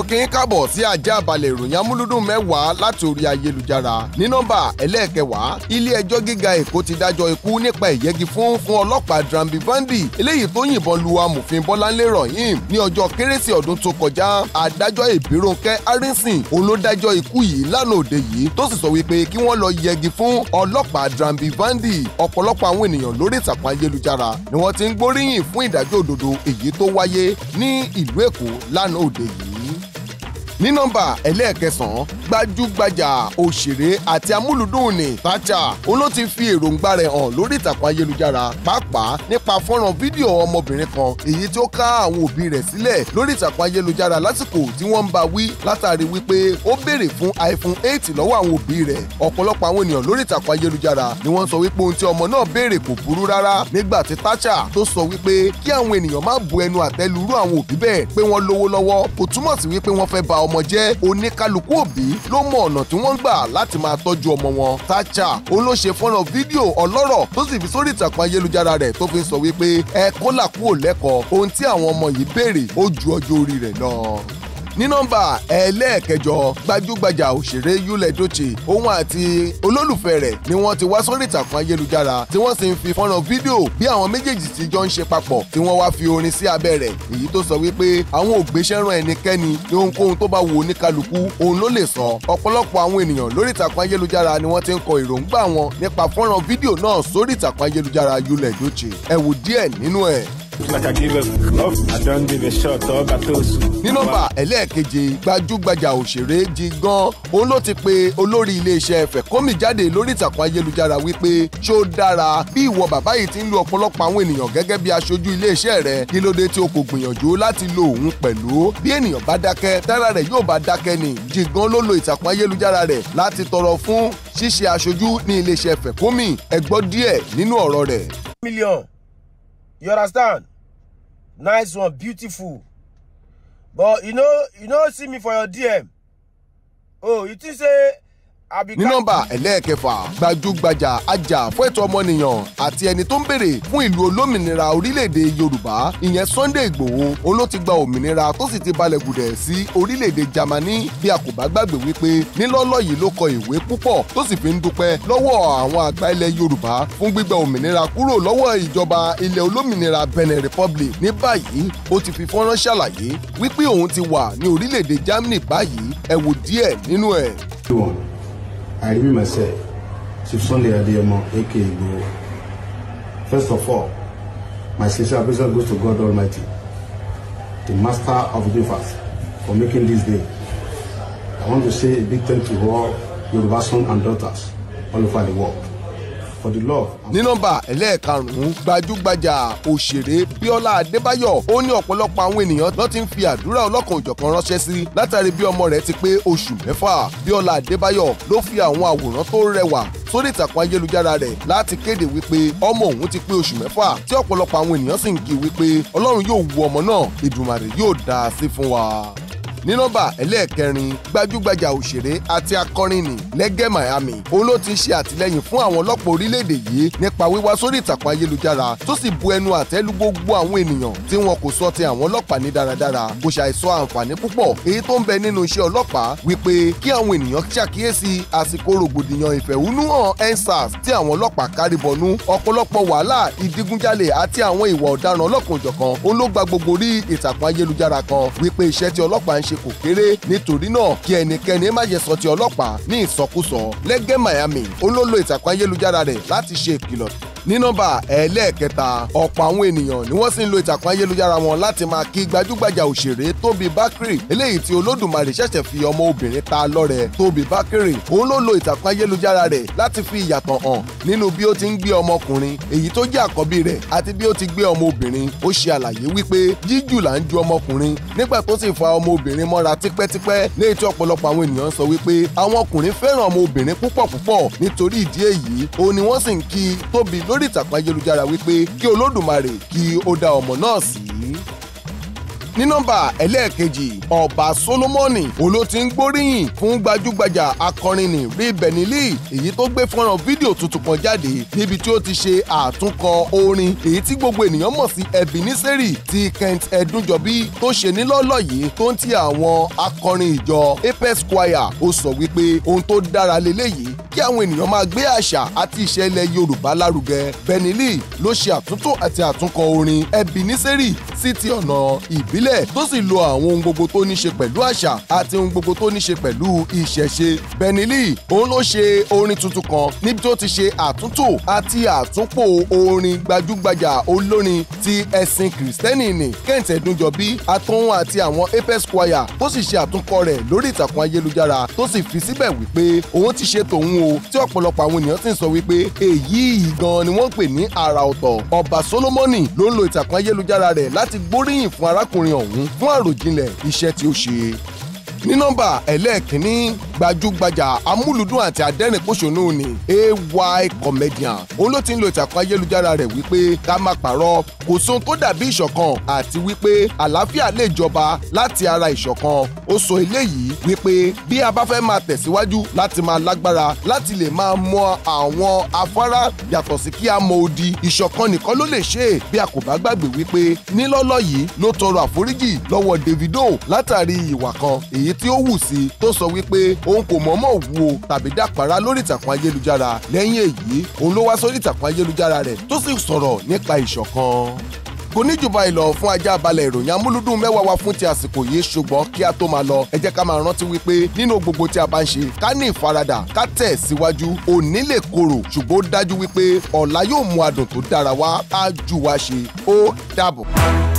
mo kí yín káàbọ̀ sí ajá balẹ̀ ìròyìn amúlúdùn mẹ́wàá láti orí ayélujára ní nọ́mbà ẹlẹ́ẹ̀kẹwàá ilé ẹjọ́ gíga èkó ti dájọ́ ikú nípa ìyẹ́gi fún fún ọlọ́pàá Drambi Vandi eléyìí tó yìnbọn lu amòfin Bọ́láńlé Rahim ní ọjọ́ kérésì ọdún tó kọjá adájọ́ Ìbírónkẹ́ Arinsin òun ló dájọ́ ikú yìí lánàá òde yìí tó sì sọ wípé kí wọ́n lọ yẹgi fún ọlọ́pàá Drambi Vandi ọ̀pọ̀lọpọ̀ àwọn ènìyàn lórí ìtàkùn ayélujára ni wọ́n ti ń gbóríyìn fún ìdájọ́ òdodo èyí tó wáyé ní ìlú Èkó lánàá òde yìí ní nọ́mbà ẹlẹ́ẹ̀kẹsàn-án gbajúgbajà òṣèré àti amúlùdùn ni Tàṣà òun fi èròǹgbà rẹ̀ hàn lórí ìtàkùn ayélujára pàápàá nípa fọ́nrán fídíò ọmọbìnrin kan èyí tí ó ká àwọn òbí rẹ̀ sílẹ̀ lórí ìtàkùn ayélujára lásìkò tí wọ́n ń bá wí látàrí wípé ó béèrè fún iPhone eight lọ́wọ́ àwọn òbí rẹ̀ ọ̀pọ̀lọpọ̀ àwọn ènìyàn lórí ìtàkùn ayélujára ni wọ́n sọ wípé ohun tí ọmọ náà béèrè kò burú rárá nígbà tí Tàṣà tó sọ wípé kí àwọn ènìyàn má bu ẹnu àtẹ́lurú àwọn òbí bẹ́ẹ̀ pé wọ́n lówó lọ́wọ́ kò túmọ̀ sí wípé wọ́n fẹ́ ba ọmọ ọmọ jẹ́ oníkálukú òbí ló mọ ọ̀nà tí wọ́n ń gbà láti máa tọ́jú ọmọ wọn Táchà òun ló ṣe fọ́nà fídíò ọlọ́rọ̀ tó sì fi sórí ìtàkùn ayélujára rẹ̀ tó fi ń sọ wípé ẹ kó làkúò lẹ́kọ̀ọ́ ohun tí àwọn ọmọ yìí béèrè ó ju ọjọ́ orí rẹ̀ lọ ní nọ́mbà ẹlẹ́ẹ̀kẹjọ gbajúgbajà òṣèré Yul òun àti olólùfẹ́ rẹ̀ ni wọ́n ti wá sórí ìtàkùn ayélujára tí wọ́n sì ń fi fọ́nrán fídíò bí àwọn méjèèjì ti jọ ń ṣe papọ̀ tí wọ́n wá fi orin sí abẹ́ rẹ̀ èyí tó sọ wípé àwọn ò gbéṣẹ́ ran ẹnikẹ́ni ní ohunkóhun tó bá wù oníkálukú òun ló lè sọ ọ̀pọ̀lọpọ̀ àwọn ènìyàn lórí ìtàkùn ayélujára ni wọ́n ti ń kọ èròǹgbà wọn nípa fọ́nrán fídíò náà sórí ìtàkùn ayélujára Yul Edochie ẹ wò díẹ̀ nínú ẹ̀ like I give gbajúgbajà òṣèré Jigan òun ló ti pe olórí iléeṣẹ́ fẹ̀kọ́mì jáde lórí ìtàkùn ayélujára wípé ṣó dára bí ìwọ bàbá yìí ti ń lo ọ̀pọ̀lọpọ̀ àwọn ènìyàn gẹ́gẹ́ bí aṣojú iléeṣẹ́ rẹ̀ kí ló dé tí o kò gbìyànjú láti lo òun pẹ̀lú bí ènìyàn bá dákẹ́ tára rẹ̀ yóò bá dákẹ́ ni Jigan ló lo ìtàkùn ayélujára rẹ̀ láti tọrọ fún ṣíṣe aṣojú ní iléeṣẹ́ fẹ̀kọ́mì ẹ gbọ́ díẹ̀ nínú ọ̀rọ̀ rẹ̀. million you understand Nice one, beautiful. But you know, you know, see me for your DM. Oh, you think say ní nọ́mbà ẹlẹ́ẹ̀kẹfà gbajúgbajà ajàfẹ́tọ̀ ọmọnìyàn àti ẹni tó ń béèrè fún ìlú olómìnira orílẹ̀-èdè yorùbá ìyẹn sunday igbòho òun ló ti gba òmìnira tó sì ti balẹ̀ gùdẹ̀ sí orílẹ̀-èdè germany bí a kò bá gbàgbé wípé nílọ́lọ́ yìí ló kọ ìwé púpọ̀ tó sì fi ń dúpẹ́ lọ́wọ́ àwọn àgbà ilẹ̀ yorùbá fún gbígba òmìnira kúrò lọ́wọ́ ìjọba ilẹ̀ olómìnira benin republic ní báyìí ó fi fọ́nrán ṣàlàyé wípé òun ti wà ní orílẹ̀-èdè germany báyìí ẹ wò díẹ̀ I remember myself, Chief Sunday Adeyemo, aka Igboho. First of all, my special appreciation goes to God Almighty, the Master of the universe, for making this day. I want to say a big thank you to all your sons and daughters all over the world for the love. ní nọ́mbà ẹlẹ́ẹ̀karùn-ún gbajúgbajà òṣèré bíọ́lá adébáyọ̀ ó ní ọ̀pọ̀lọpọ̀ àwọn ènìyàn ló ti ń fi àdúrà ọlọ́kan òjọ̀kan ránṣẹ́ sí látàrí bí ọmọ rẹ̀ ti pé oṣù mẹ́fà bíọ́lá adébáyọ̀ ló fi àwọn àwòrán tó rẹwà sórí ìtàkùn ayélujára rẹ̀ láti kéde wípé ọmọ òun ti pé oṣù mẹ́fà tí ọ̀pọ̀lọpọ̀ àwọn ènìyàn sì ń kí wípé ọlọ́run yóò wu ọmọ náà ìdùmarè yóò dáa sí fún wa ní nọ́mbà ẹlẹ́ẹ̀kẹrin gbajúgbajà òṣèré àti akọrin ní Lẹ́gẹ́ Miami òun ló ti ṣe àtìlẹ́yìn fún àwọn ọlọ́pàá orílẹ̀-èdè yìí nípa wíwá sórí ìtàkùn ayélujára tó sì bu ẹnu àtẹ́ lu gbogbo àwọn ènìyàn tí wọn kò sọ ti àwọn ọlọ́pàá ní dáradára kò ṣàìsọ àǹfààní púpọ̀ èyí tó ń bẹ nínú iṣẹ́ ọlọ́pàá wípé kí àwọn ènìyàn ṣàkíyèsí àsìkò rògbòdìyàn ìfẹ̀hónúhàn endsars tí àwọn ọlọ́pàá kárí ṣe kò kéré nítorí náà kí ẹnikẹ́ni má yẹ sọ ti ọlọ́pàá ní ìsọkúsọ lẹ́gẹ́ Miami ó ìtàkùn ayélujára rẹ̀ láti ṣe ìkìlọ̀ ní nọ́mbà ẹlẹ́ẹ̀kẹta ọ̀pọ̀ àwọn ènìyàn ni wọ́n sì ń lo ìtàkùn ayélujára wọn láti máa kí gbajúgbajà òṣèré Tóbi Bakiri eléyìí tí olódùmarè ṣẹ̀ṣẹ̀ fi ọmọ obìnrin ta lọ́rẹ̀ Tóbi Bakiri òun ló lo ìtàkùn ayélujára rẹ̀ láti fi ìyàtọ̀ hàn nínú bí ó ti ń gbé ọmọkùnrin èyí tó jẹ́ àkọ́bí rẹ̀ àti bí ó ti gbé ọmọ obìnrin ó ṣe àlàyé wípé jíjù là ń ju ọmọkùnrin nígbà tó sì fa ọmọ obìnrin mọ́ra tipẹ́tipẹ́ léyìí tí ọ̀pọ̀lọpọ̀ àwọn ènìyàn sọ wípé àwọn ọkùnrin fẹ́ràn ọmọ obìnrin púpọ̀ púpọ̀ nítorí ìdí èyí òun ni wọ́n sì ń kí Tóbi lórí ìtàkùn ayélujára wípé kí olódùmarè kí ó dá ọmọ náà sí ní nọ́mbà ẹlẹ́ẹ̀kejì ọba solomoni olóòtú ń gbóríyìn fún gbajúgbajà akọrin ní rí benili èyí tó gbé fọ́nrán fídíò tuntun kan jáde níbi tí ó ti ṣe àtúnkọ orin èyí tí gbogbo ènìyàn mọ̀ sí ebeneseri ti kent edunjobi tó ṣe nílọ́lọ́ yìí tó ń ti àwọn akọrin ìjọ apex choir ó sọ wípé ohun tó dára leléyìí kí àwọn ènìyàn máa gbé àṣà àti ìṣe Yorùbá lárugẹ Benny Lee ló ṣe àtúntò àti àtúnkọ orin Ebeneseri sí ti ọ̀nà ìbílẹ̀ tó sì lo àwọn ohun gbogbo tó ní ṣe pẹ̀lú àṣà àti ohun gbogbo tó ní ṣe pẹ̀lú ìṣẹ̀ṣe. Benny Lee òun ló ṣe orin tuntun kan níbi tó ti ṣe àtúntò àti àtúnpò orin gbajúgbajà olórin ti ẹ̀sìn kìrìsìtẹ́nì ní Kent Ẹ̀dúnjọbí àtòun àti àwọn Apex Choir tó sì ṣe àtúnkọ rẹ̀ lórí ìtàkùn ayélujára tó sì fi síbẹ̀ wípé òun ti ṣe tòun o tí ọ̀pọ̀lọpọ̀ àwọn ènìyàn sì ń sọ wípé èyí gan ni wọ́n pè ní àrà ọ̀tọ̀ ọba Solomoni ló ń lo ìtàkùn ayélujára rẹ̀ láti láti gbóríyìn fún arákùnrin ọ̀hún fún àròjinlẹ̀ iṣẹ́ tí ó ṣe ní nọ́mbà ẹlẹ́ẹ̀kínní gbajúgbajà amúlùdún àti adẹ́rìnpòṣónú ni ay comedian òun ló ti ń lo ìtàkùn ayélujára rẹ̀ wípé ká má parọ́ kò sóhun tó dàbí ìṣọ̀kan àti wípé àlàáfíà lè jọba láti ara ìṣọ̀kan ó sọ eléyìí wípé bí a bá fẹ́ máa tẹ̀síwájú láti máa lágbára láti lè máa mọ àwọn afárá yàtọ̀ sí kí a mọ odi ìṣọ̀kan nìkan ló lè ṣe bí a kò bá gbàgbé wípé nílọ́lọ́ yìí ló tọrọ àforíjì lọ́wọ́ Davido látàrí ìwà kan èyí tí ó wù sí tó sọ wípé òun kò mọ̀ọ́mọ̀ wo tàbí dàpàrà lórí ìtàkùn ayélujára lẹ́yìn èyí òun ló wá sórí ìtàkùn ayélujára rẹ̀ tó sì sọ̀rọ̀ nípa ìṣọ̀kan kò ní jùbà ìlọ fún ajá balẹ̀ ìròyìn amúlúdùn mẹ́wàá wa fún ti àsìkò yìí ṣùgbọ́n kí a tó máa lọ ẹ jẹ́ ká máa rántí wípé nínú gbogbo tí a bá ń ṣe ká ní ìfaradà ká tẹ̀ síwájú òní lè korò ṣùgbọ́n ó dájú wípé ọ̀la yóò mú adùn tó dára wá á jù wá ṣe ó dàbọ̀.